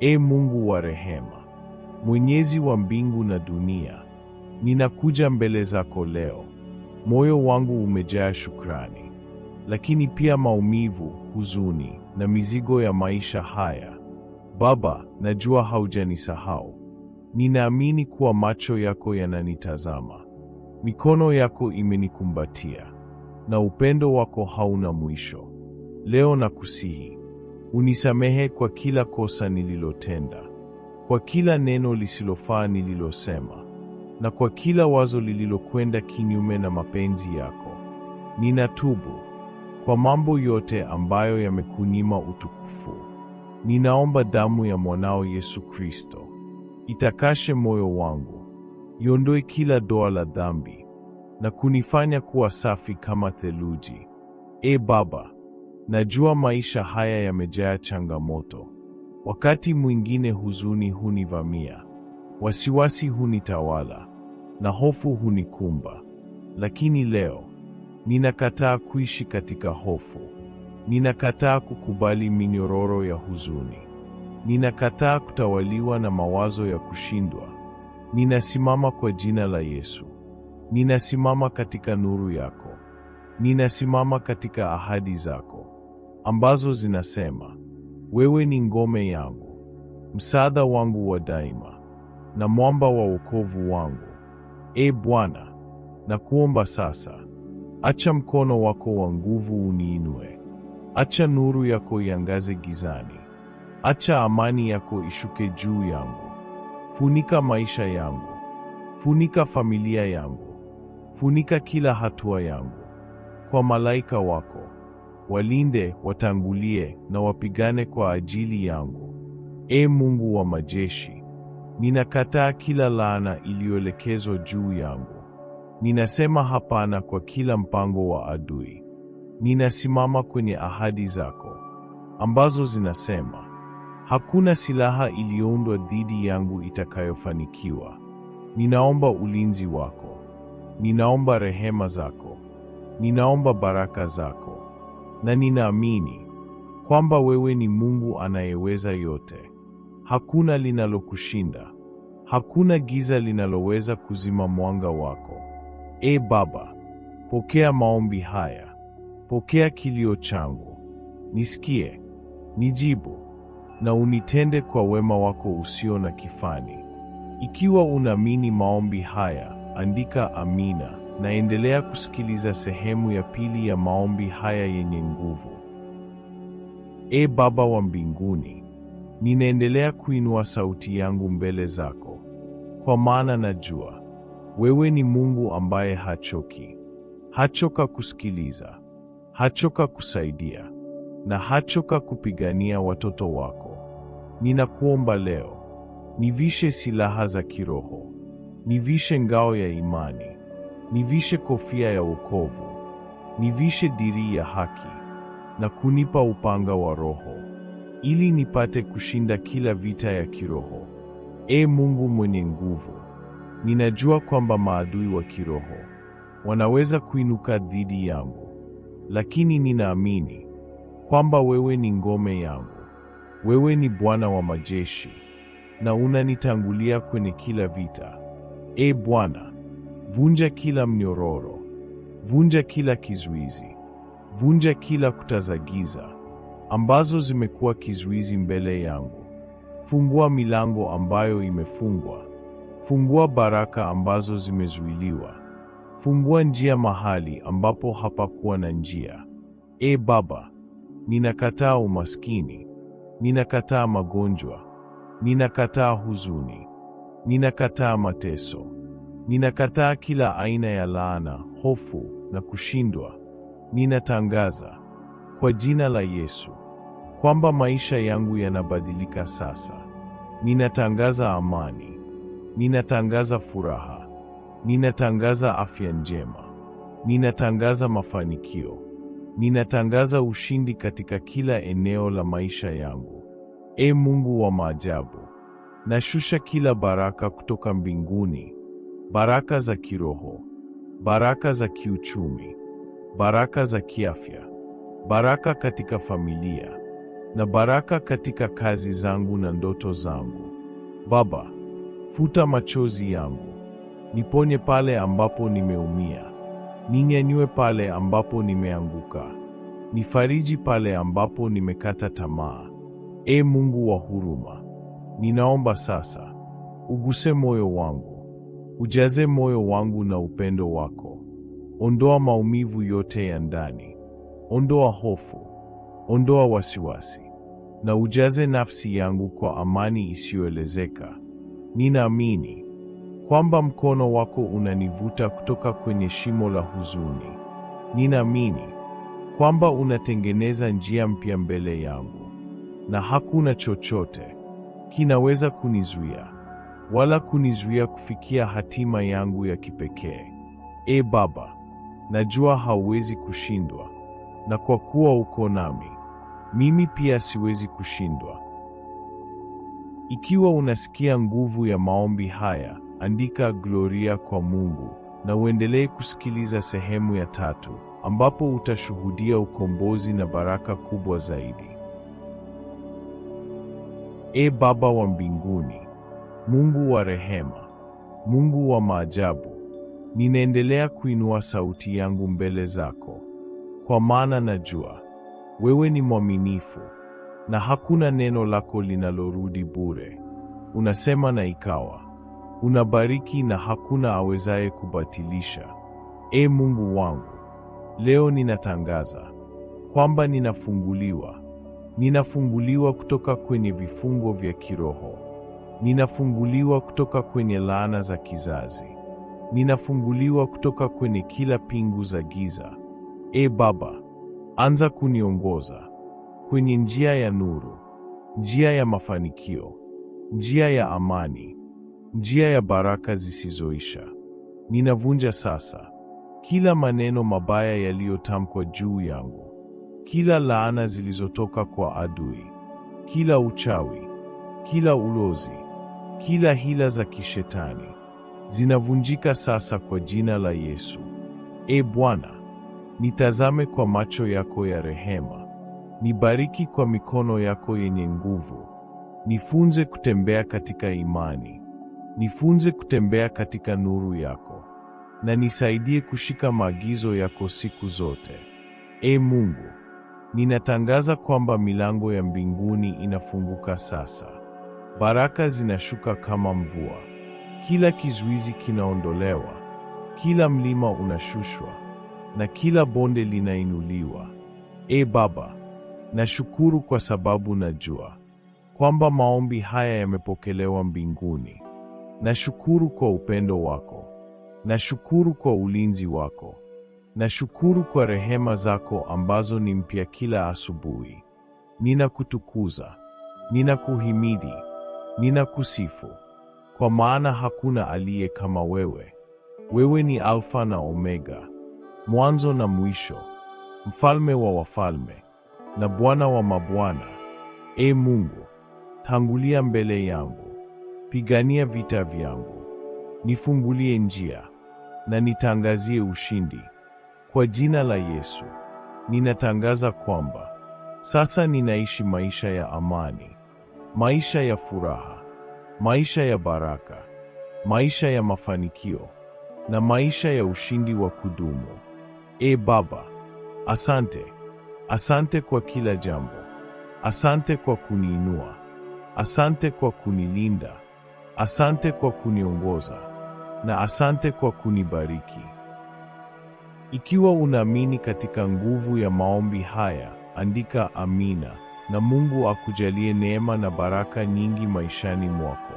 E Mungu wa rehema, mwenyezi wa mbingu na dunia, ninakuja mbele zako leo. Moyo wangu umejaa shukrani, lakini pia maumivu, huzuni na mizigo ya maisha haya. Baba, najua haujanisahau. Ninaamini kuwa macho yako yananitazama, mikono yako imenikumbatia, na upendo wako hauna mwisho. Leo nakusihi Unisamehe kwa kila kosa nililotenda, kwa kila neno lisilofaa nililosema, na kwa kila wazo lililokwenda kinyume na mapenzi yako. Ninatubu kwa mambo yote ambayo yamekunyima utukufu. Ninaomba damu ya mwanao Yesu Kristo itakashe moyo wangu, iondoe kila doa la dhambi na kunifanya kuwa safi kama theluji. E Baba, Najua maisha haya yamejaa changamoto. Wakati mwingine huzuni hunivamia, wasiwasi hunitawala na hofu hunikumba. Lakini leo ninakataa kuishi katika hofu. Ninakataa kukubali minyororo ya huzuni. Ninakataa kutawaliwa na mawazo ya kushindwa. Ninasimama kwa jina la Yesu. Ninasimama katika nuru yako. Ninasimama katika ahadi zako ambazo zinasema, wewe ni ngome yangu, msaada wangu wa daima, na mwamba wa wokovu wangu. E Bwana, nakuomba sasa, acha mkono wako wa nguvu uniinue, acha nuru yako iangaze gizani, acha amani yako ishuke juu yangu. Funika maisha yangu, funika familia yangu, funika kila hatua yangu kwa malaika wako walinde, watangulie na wapigane kwa ajili yangu. E Mungu wa majeshi, ninakataa kila laana iliyoelekezwa juu yangu. Ninasema hapana kwa kila mpango wa adui. Ninasimama kwenye ahadi zako ambazo zinasema hakuna silaha iliyoundwa dhidi yangu itakayofanikiwa. Ninaomba ulinzi wako, ninaomba rehema zako, ninaomba baraka zako na ninaamini kwamba wewe ni Mungu anayeweza yote. Hakuna linalokushinda, hakuna giza linaloweza kuzima mwanga wako. E Baba, pokea maombi haya, pokea kilio changu, nisikie, nijibu na unitende kwa wema wako usio na kifani. Ikiwa unaamini maombi haya, andika amina. Naendelea kusikiliza sehemu ya pili ya maombi haya yenye nguvu. E Baba wa mbinguni, ninaendelea kuinua sauti yangu mbele zako, kwa maana najua wewe ni Mungu ambaye hachoki, hachoka kusikiliza, hachoka kusaidia na hachoka kupigania watoto wako. Ninakuomba leo, nivishe silaha za kiroho, nivishe ngao ya imani nivishe kofia ya wokovu, nivishe dirii ya haki na kunipa upanga wa Roho ili nipate kushinda kila vita ya kiroho. E Mungu mwenye nguvu, ninajua kwamba maadui wa kiroho wanaweza kuinuka dhidi yangu, lakini ninaamini kwamba wewe ni ngome yangu. Wewe ni Bwana wa majeshi na unanitangulia kwenye kila vita. E Bwana, Vunja kila mnyororo, vunja kila kizuizi, vunja kila kuta za giza ambazo zimekuwa kizuizi mbele yangu. Fungua milango ambayo imefungwa, fungua baraka ambazo zimezuiliwa, fungua njia mahali ambapo hapakuwa na njia. E Baba, ninakataa umaskini, ninakataa magonjwa, ninakataa huzuni, ninakataa mateso Ninakataa kila aina ya laana, hofu na kushindwa. Ninatangaza kwa jina la Yesu kwamba maisha yangu yanabadilika sasa. Ninatangaza amani, ninatangaza furaha, ninatangaza afya njema, ninatangaza mafanikio, ninatangaza ushindi katika kila eneo la maisha yangu. E Mungu wa maajabu, nashusha kila baraka kutoka mbinguni baraka za kiroho, baraka za kiuchumi, baraka za kiafya, baraka katika familia na baraka katika kazi zangu na ndoto zangu. Baba, futa machozi yangu, niponye pale ambapo nimeumia, ninyanyue pale ambapo nimeanguka, nifariji pale ambapo nimekata tamaa. E Mungu wa huruma, ninaomba sasa uguse moyo wangu Ujaze moyo wangu na upendo wako. Ondoa maumivu yote ya ndani. Ondoa hofu. Ondoa wasiwasi. Na ujaze nafsi yangu kwa amani isiyoelezeka. Ninaamini kwamba mkono wako unanivuta kutoka kwenye shimo la huzuni. Ninaamini kwamba unatengeneza njia mpya mbele yangu. Na hakuna chochote kinaweza kunizuia wala kunizuia kufikia hatima yangu ya kipekee. E Baba, najua hauwezi kushindwa, na kwa kuwa uko nami, mimi pia siwezi kushindwa. Ikiwa unasikia nguvu ya maombi haya, andika Gloria kwa Mungu na uendelee kusikiliza sehemu ya tatu ambapo utashuhudia ukombozi na baraka kubwa zaidi. E Baba wa mbinguni, Mungu wa rehema, Mungu wa maajabu, ninaendelea kuinua sauti yangu mbele zako, kwa maana najua wewe ni mwaminifu na hakuna neno lako linalorudi bure. Unasema na ikawa, unabariki na hakuna awezaye kubatilisha. E Mungu wangu, leo ninatangaza kwamba ninafunguliwa, ninafunguliwa kutoka kwenye vifungo vya kiroho Ninafunguliwa kutoka kwenye laana za kizazi. Ninafunguliwa kutoka kwenye kila pingu za giza. E Baba, anza kuniongoza kwenye njia ya nuru, njia ya mafanikio, njia ya amani, njia ya baraka zisizoisha. Ninavunja sasa kila maneno mabaya yaliyotamkwa juu yangu, kila laana zilizotoka kwa adui, kila uchawi, kila ulozi kila hila za kishetani zinavunjika sasa kwa jina la Yesu. E Bwana, nitazame kwa macho yako ya rehema, nibariki kwa mikono yako yenye nguvu, nifunze kutembea katika imani, nifunze kutembea katika nuru yako, na nisaidie kushika maagizo yako siku zote. E Mungu, ninatangaza kwamba milango ya mbinguni inafunguka sasa. Baraka zinashuka kama mvua, kila kizuizi kinaondolewa, kila mlima unashushwa na kila bonde linainuliwa. E Baba, nashukuru kwa sababu najua kwamba maombi haya yamepokelewa mbinguni. Nashukuru kwa upendo wako, nashukuru kwa ulinzi wako, nashukuru kwa rehema zako ambazo ni mpya kila asubuhi. Ninakutukuza, ninakuhimidi. Ninakusifu kwa maana hakuna aliye kama wewe. Wewe ni Alfa na Omega, mwanzo na mwisho, mfalme wa wafalme na Bwana wa mabwana. E Mungu, tangulia mbele yangu, pigania vita vyangu, nifungulie njia na nitangazie ushindi. Kwa jina la Yesu ninatangaza kwamba sasa ninaishi maisha ya amani maisha ya furaha, maisha ya baraka, maisha ya mafanikio na maisha ya ushindi wa kudumu. E Baba, asante, asante kwa kila jambo, asante kwa kuniinua, asante kwa kunilinda, asante kwa kuniongoza na asante kwa kunibariki. Ikiwa unaamini katika nguvu ya maombi haya, andika amina na Mungu akujalie neema na baraka nyingi maishani mwako.